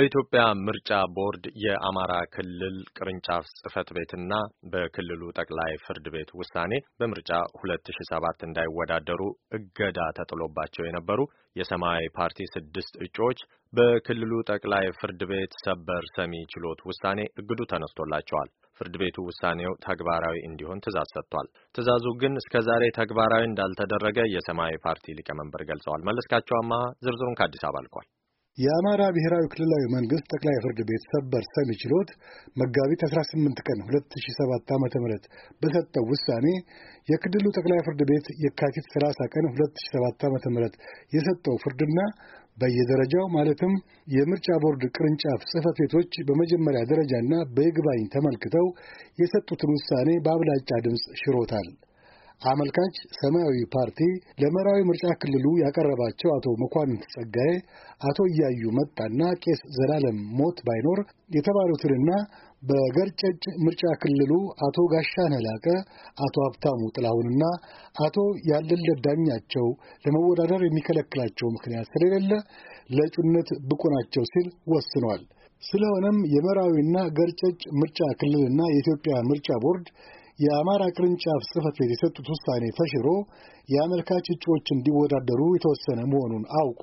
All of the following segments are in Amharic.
በኢትዮጵያ ምርጫ ቦርድ የአማራ ክልል ቅርንጫፍ ጽህፈት ቤትና በክልሉ ጠቅላይ ፍርድ ቤት ውሳኔ በምርጫ 2007 እንዳይወዳደሩ እገዳ ተጥሎባቸው የነበሩ የሰማያዊ ፓርቲ ስድስት እጩዎች በክልሉ ጠቅላይ ፍርድ ቤት ሰበር ሰሚ ችሎት ውሳኔ እግዱ ተነስቶላቸዋል። ፍርድ ቤቱ ውሳኔው ተግባራዊ እንዲሆን ትእዛዝ ሰጥቷል። ትእዛዙ ግን እስከ ዛሬ ተግባራዊ እንዳልተደረገ የሰማያዊ ፓርቲ ሊቀመንበር ገልጸዋል። መለስካቸው አማሃ ዝርዝሩን ከአዲስ አበባ ልኳል። የአማራ ብሔራዊ ክልላዊ መንግስት ጠቅላይ ፍርድ ቤት ሰበር ሰሚ ችሎት መጋቢት 18 ቀን 2007 ዓ ም በሰጠው ውሳኔ የክልሉ ጠቅላይ ፍርድ ቤት የካቲት 30 ቀን 2007 ዓ ም የሰጠው ፍርድና በየደረጃው ማለትም የምርጫ ቦርድ ቅርንጫፍ ጽህፈት ቤቶች በመጀመሪያ ደረጃና በይግባኝ ተመልክተው የሰጡትን ውሳኔ በአብላጫ ድምፅ ሽሮታል። አመልካች ሰማያዊ ፓርቲ ለመራዊ ምርጫ ክልሉ ያቀረባቸው አቶ መኳንንት ጸጋዬ፣ አቶ እያዩ መጣና ቄስ ዘላለም ሞት ባይኖር የተባሉትንና በገርጨጭ ምርጫ ክልሉ አቶ ጋሻነ ላቀ፣ አቶ ሀብታሙ ጥላሁንና አቶ ያለለት ዳኛቸው ለመወዳደር የሚከለክላቸው ምክንያት ስለሌለ ለእጩነት ብቁ ናቸው ሲል ወስኗል። ስለሆነም የመራዊና ገርጨጭ ምርጫ ክልልና የኢትዮጵያ ምርጫ ቦርድ የአማራ ቅርንጫፍ ጽህፈት ቤት የሰጡት ውሳኔ ተሽሮ የአመልካች እጩዎች እንዲወዳደሩ የተወሰነ መሆኑን አውቆ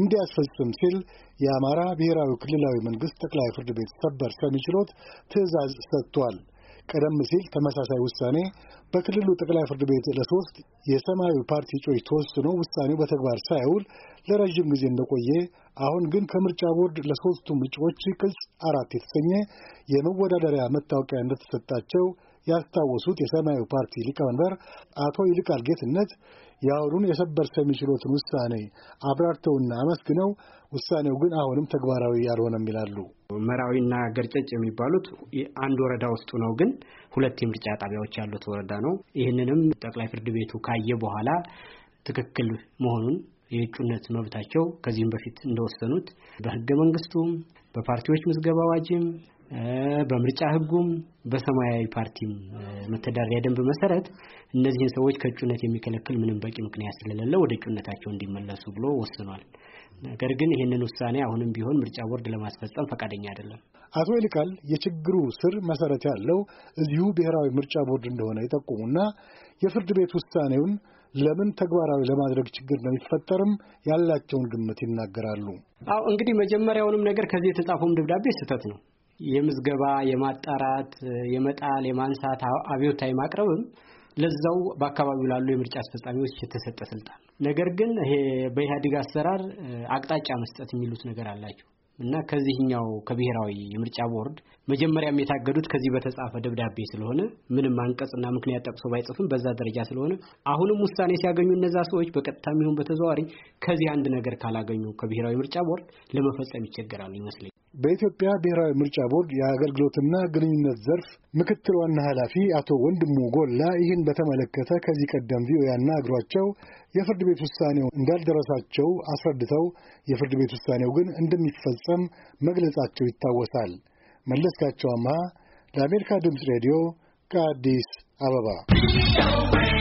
እንዲያስፈጽም ሲል የአማራ ብሔራዊ ክልላዊ መንግሥት ጠቅላይ ፍርድ ቤት ሰበር ሰሚ ችሎት ትዕዛዝ ሰጥቷል። ቀደም ሲል ተመሳሳይ ውሳኔ በክልሉ ጠቅላይ ፍርድ ቤት ለሶስት የሰማያዊ ፓርቲ እጩዎች ተወስኖ ውሳኔው በተግባር ሳይውል ለረዥም ጊዜ እንደቆየ፣ አሁን ግን ከምርጫ ቦርድ ለሶስቱም እጩዎች ቅጽ አራት የተሰኘ የመወዳደሪያ መታወቂያ እንደተሰጣቸው ያስታወሱት የሰማያዊ ፓርቲ ሊቀመንበር አቶ ይልቃል ጌትነት የአሁኑን የሰበር ሰሚ ችሎትን ውሳኔ አብራርተውና አመስግነው ውሳኔው ግን አሁንም ተግባራዊ ያልሆነም ይላሉ። መራዊና ገርጨጭ የሚባሉት አንድ ወረዳ ውስጡ ነው፣ ግን ሁለት የምርጫ ጣቢያዎች ያሉት ወረዳ ነው። ይህንንም ጠቅላይ ፍርድ ቤቱ ካየ በኋላ ትክክል መሆኑን የእጩነት መብታቸው ከዚህም በፊት እንደወሰኑት በህገ መንግስቱም በፓርቲዎች ምዝገባ አዋጅም በምርጫ ህጉም በሰማያዊ ፓርቲም መተዳደሪያ ደንብ መሰረት እነዚህን ሰዎች ከእጩነት የሚከለክል ምንም በቂ ምክንያት ስለሌለ ወደ እጩነታቸው እንዲመለሱ ብሎ ወስኗል። ነገር ግን ይህንን ውሳኔ አሁንም ቢሆን ምርጫ ቦርድ ለማስፈጸም ፈቃደኛ አይደለም። አቶ ይልቃል የችግሩ ስር መሰረት ያለው እዚሁ ብሔራዊ ምርጫ ቦርድ እንደሆነ ይጠቁሙና የፍርድ ቤት ውሳኔውን ለምን ተግባራዊ ለማድረግ ችግር እንደሚፈጠርም ያላቸውን ግምት ይናገራሉ። አዎ እንግዲህ መጀመሪያውንም ነገር ከዚህ የተጻፈውም ደብዳቤ ስህተት ነው። የምዝገባ የማጣራት የመጣል የማንሳት አብዮታ ማቅረብም ለዛው በአካባቢው ላሉ የምርጫ አስፈጻሚዎች የተሰጠ ስልጣን። ነገር ግን ይሄ በኢህአዴግ አሰራር አቅጣጫ መስጠት የሚሉት ነገር አላቸው እና ከዚህኛው ከብሔራዊ የምርጫ ቦርድ መጀመሪያም የታገዱት ከዚህ በተጻፈ ደብዳቤ ስለሆነ ምንም አንቀጽና ምክንያት ጠቅሶ ባይጽፍም በዛ ደረጃ ስለሆነ አሁንም ውሳኔ ሲያገኙ እነዛ ሰዎች በቀጥታም ይሁን በተዘዋዋሪ ከዚህ አንድ ነገር ካላገኙ ከብሔራዊ ምርጫ ቦርድ ለመፈጸም ይቸገራሉ ይመስለኛል። በኢትዮጵያ ብሔራዊ ምርጫ ቦርድ የአገልግሎትና ግንኙነት ዘርፍ ምክትል ዋና ኃላፊ አቶ ወንድሙ ጎላ ይህን በተመለከተ ከዚህ ቀደም ቪኦኤ ያናግሯቸው የፍርድ ቤት ውሳኔው እንዳልደረሳቸው አስረድተው የፍርድ ቤት ውሳኔው ግን እንደሚፈጸም መግለጻቸው ይታወሳል። መለስካቸው አምሃ ለአሜሪካ ድምፅ ሬዲዮ ከአዲስ አበባ